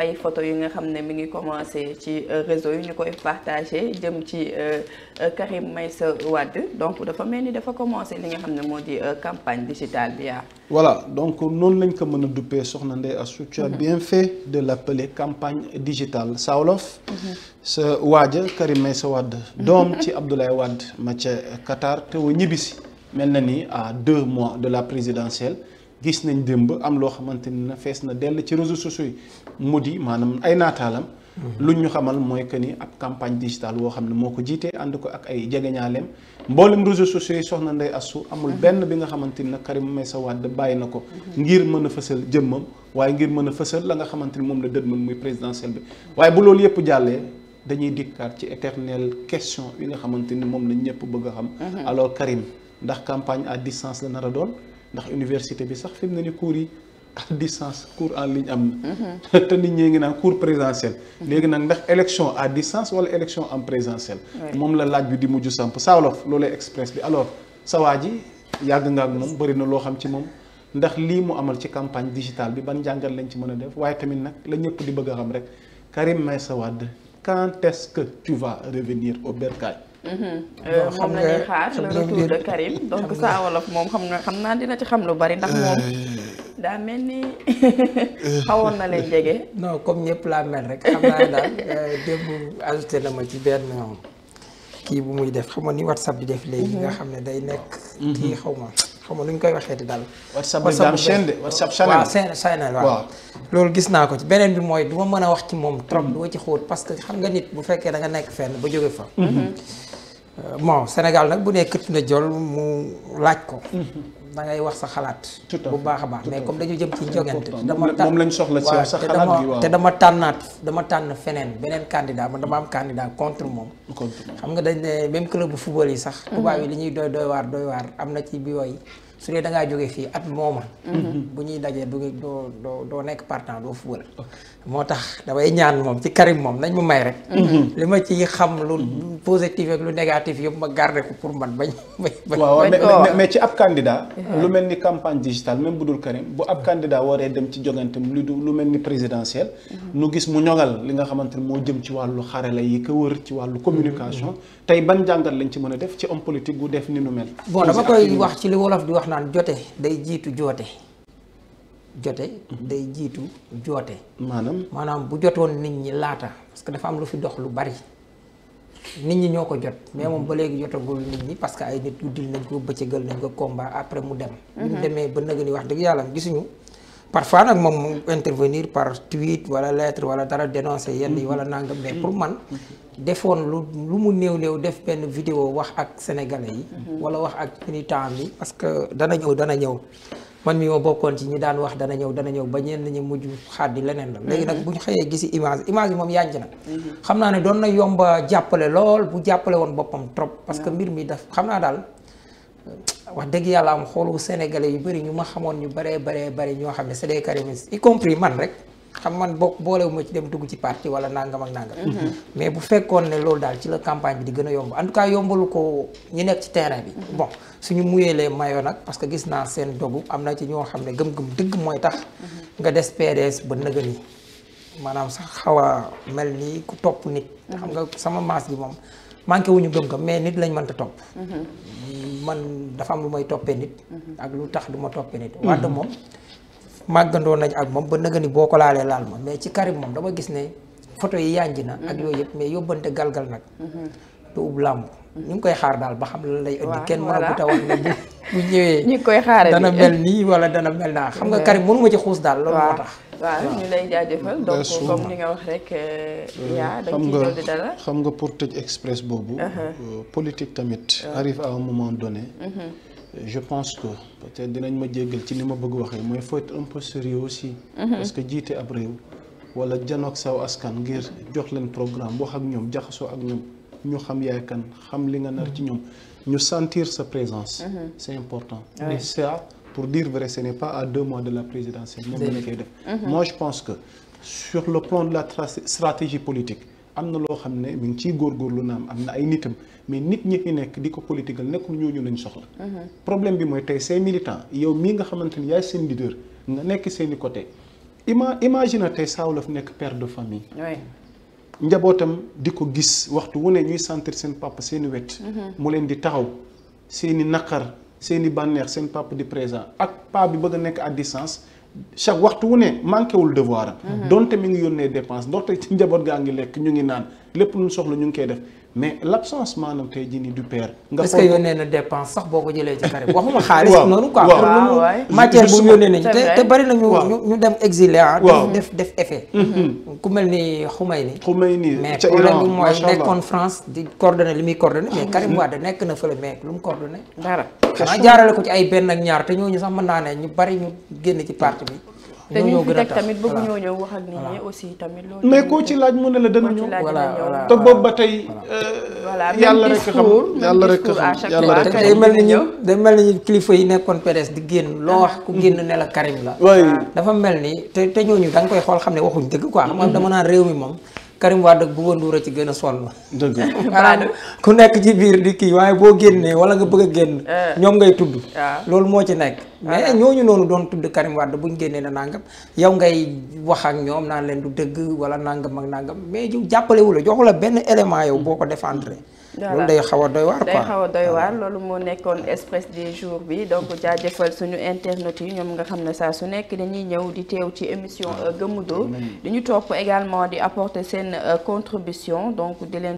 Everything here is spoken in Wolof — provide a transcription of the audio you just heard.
ay photo yu nga xam ne mi ngi commencé ci euh, réseau yu ñu koy partagé jëm ci euh, Karim Meïssa Wade donc dafa mel ni dafa commencé li nga xam ne moo di euh, campagne digitale bi yaa ah. wala donc noonu lañ ko mën a duppee soxna Ndeye Astou tu as mm-hmm. bien fait de l'appeler campagne digitale sa wolof mm-hmm. sa waaja Karim Meïssa Wade mm-hmm. doom ci Abdoulaye Wade ma ca Qatar te wa ñibbisi mel na ni à deux mois de la présidentielle gis nañ démb am loo xamante ni na fees na dell ci réseau sociaux yi mu di maanaam ay naataalam. Mm-hmm. luñ ñu xamal mooy que ni ab campagne digitale woo xam ne moo ko jiitee ànd ko ak ay jegeñaaleem mboolem réseaux sociaux yi soxna Ndeye Assou amul mm-hmm. benn bi nga xamante ni nag may Meïssa Wade bàyyi na ko ngir mën a fësal jëmmam waaye ngir mën a fësal la nga xamante ni moom la dëdmal muy présidentielle bi waaye bu loolu yëpp jàllee dañuy dikkaat ci éternelle question yi nga xamante ni moom la ñëpp bëgg a xam mm-hmm. alors Karim ndax campagne à distance la nar a ndax université bi sax fi mu ne ni yi à sance cours en ligne am na mhm. te nit ñee ngi naa cours présentiel léegi nag ndax élection à distance wala élection en présentiel moom la laaj bi di mujj samp saalof loolay express bi alors sa ji yàgg nga ak moom bëri na loo xam ci moom ndax lii mu amal ci campagne digitale bi ban njàngat lañ ci mën a def waaye tamit nag la ñëpp di bëgg a xam rek Karim Meïssa Wade quand est que tu vas revenir au bercail Mm-hmm. moom na ñuy xaar le retour de Karim donc Saa Wolof moom xam nga xam naa dina ci xam lu bari ndax moom eh. daa mel ni eh. xawoon na leen jege. non comme ñëpp laa mel rek xam naa daal euh, démb ajouté ci benn kii bu muy def xam nga ni WhatsApp di def léegi nga mm-hmm. xam ne day nekk. Mm-hmm. kii xaw ma xaw ma ñu koy waxeeti daal. WhatsApp bi daal chaîne de WhatsApp channel. waaw channel waaw. loolu gis naa ko ci beneen bi mooy du mën a wax ci moom trop. du ci xóot parce que xam nga nit bu fekkee da nekk fenn ba jóge fa. Euh, bon Sénégal nag bu nee këtt na jol mu laaj ko. Mm-hmm. da ngay wax sa xalaat. bu baax a baax mais comme dañu jëm ci jogante. dama tànn moom lañ soxla ci sa xalaat bi te dama tànnaat dama tànn feneen beneen candidat man dama am candidat contre moom. contre xam nga dañ ne même club bu football yi sax. Mm-hmm. tubaab yi li ñuy doy doy waar doy waar am na ci bi yooyu. su ne da ngaa fii at mooma mhm. bu ñuy dajee du doo doo doo nekk partant doo fubal moo tax damay ñaan moom ci Karim moom nañ mu may rek mhm. li ma ci xam lu mhm. positif ak lu négatif yëpp ma garder ko pour man bañ bañ waaw mais ci ab candidat lu mel ni campagne digitale même bu dul Karim bu ab candidat waree dem ci jogante lu du lu mel ni présidentielle nu gis mu ñogal li nga xamante ne moo jëm ci wàllu xarala yi ko wër ci wàllu communication tey ban jàngat lañ ci mën a def ci homme politique gu def ni nu mel bon dama koy wax ci li wax naan jote day jiitu joote jote mhm. day jiitu joote maanaam maanaam bu jotoon nit ñi laata parce que dafa am lu fi dox lu bari nit ñi ñoo ko jot mais moom mhm. ba léegi jotagul nit ñi parce que ay nit guddil nañ ko bëccëgal nañ ko komba après mu dem mhm. bu ñu demee ba nëg ni wax dëgg yàlla gisuñu parfois nag moom intervenir par tweet wala lettre wala dara dénoncer yenn yi mm-hmm. wala nangam mais pour mm-hmm. man mm-hmm. defoon lu lu mu néew néew def benn vidéo wax ak sénégalais yi wala wax ak militant bi parce que dana ñëw dana ñëw man mi ma bokkoon ci ñi daan wax dana ñëw dana ñëw ba ñenn ñi mujj xaddi leneen la léegi nag bu ñu xëyee gisi image image yi moom yànj na xam naa ne doon na yomba jàppale lool bu jàppale woon boppam trop parce que mbir mi daf xam naa daal wax dëgg yàlla am xoolu sénégalais yu bëri ñu ma xamoon ñu baree baree bëri ñoo xam ne c'est des karimistes y compris man rek xam man bokk ma ci dem dugg ci parti wala nangam ak nangam. Mm-hmm. mais bu fekkoon ne loolu daal ci la campagne bi di gën a yomb en tout cas yombalu ko ñu nekk ci terrain bi. Mm-hmm. bon suñu muyeelee mayo nag parce que gis naa seen dogu am na ci ñoo xam ne gëm-gëm dëgg mooy tax. Mm-hmm. nga des PDS ba nëgën yi maanaam sax xaw a mel ni ku topp nit. xam nga sama maas gi moom manqué wuñu gëm-gëm mais nit lañ mënta topp. man dafa am lu may toppee nit. Mhm. ak lu tax duma ma toppee nit. Mhm. Wade moom màggandoo nañ ak moom ba nëgë ni boo ko laalee laal ma mais ci Karim moom dama gis ne photo yi yànji na. ak mhm. yooyu yëpp mais yóbbante galgal nag. du ub làmb. ñu ngi koy xaar daal ba xam lan lay indi kenn mënagut a wax ne bu bu ñëwee. ñu koy xaar dana mel nii wala dana mel naa xam nga Karim mënu ma ci xuus daal. loolu moo tax. waaw ñu lay jaajëfal donc comme li nga wax rek yaa euh, euh, da nga ciy dolli xam nga pour tëj express boobu uh-huh. euh, politique tamit uh-huh. arrive à un moment donné uh-huh. je pense que peut dinañ ma jéggal ci li ma bëgg waxee mooy faut être un peu sérieux aussi parce que jiite ab réew wala janoog saw askan ngir jox leen programme wax ak ñoom jaxasoo ak ñoom ñu xam yaay kan xam li nga nar ci ñoom ñu sentir sa présence c'est important et ça pour dire vrai ce n'est pas à deux mois de la présidentielle moom la koy def mhm. moi je pense que sur le plan de la stratégie politique am na loo xam ne mi ngi ciy góorgóorlu naam am na ay nitam mais nit ñi fi nekk di ko politique nekkul ñooñu lañ soxla mhm. problème bi mooy tey say militant yow mii nga xamante ni yaay seen leader nga nekk seeni i côté ima imagine tey saawlaf nekk per de famille njabootam di ko gis waxtu wu ne ñuy sentir seen papa seen wet mhm. mu leen di taxaw seen i naqar seen i bànneex seen papp di présent ak pa bi bëgg a nekk à distance chaque waxtu wu ne manqué wul devoir am. Mhm. donte mi ngi yónnee ndox te ci njaboot gaa ngi lekk ñu ngi naan lépp lu ñu soxla ñu ngi koy def mais l' absence maanaam tey jii nii du père. nga xool est ce que yónnee na dépense sax boo ko jëlee ci Karim waxuma xaalis noonu quoi. waaw ah, waaw waay matière bari na ñu ñu dem exilé ah. def def effet. Mm-hmm. ku mel ni Khomeini. Khomeini ca Iran mais problème bi mooy di coordonné li muy coordonné mais Karim mm-hmm. Wade nekk na fële mais lu mu coordonné. dara xanaa jaarale ko ci ay benn ak ñaar te ñooñu sax man naa ne ñu bari ñu génn ci parti bi. te ñu fi teg tamit bëgg ñoo ñëw wax ak aussi tamit loolu mais koo ci laaj mu ne la dana ñëw te boobu ba tey euh, yàlla rek xam yàlla rek xam yàlla rek day mel ni ñu day mel ni ñu kilifa yi nekkoon PDS di génn loo ah. wax ku génn ne la Karim la ah. dafa mel ni te te ñooñu da koy xool xam ne waxuñ dëgg ko xam nga mm-hmm. dama naan réew mi moom Karim Wade Bouba a ci gën a son sonn. dëgg maanaam ku nekk ci biir di kii waaye boo génnee wala nga bëgg a génn. Eh. ñoom ngay tudd. loolu moo ci nekk. mais ñooñu noonu doon tudd Karim Wade buñ génnee na nangam yow ngay wax ak ñoom naan leen du dëgg wala nangam ak nangam mais jiw jàppale wu la joxu la benn élément yow boo ko défendre. loolu day xaw doy waar quoi loolu moo nekkoon express des jour bi donc jaajafal suñu internautes yi ñoom nga xam ne saa su nekk dañuy ñëw di teew ci émission euh, Gëmmu Dóor dañu topp également di apporter seen euh, contribution donc di leen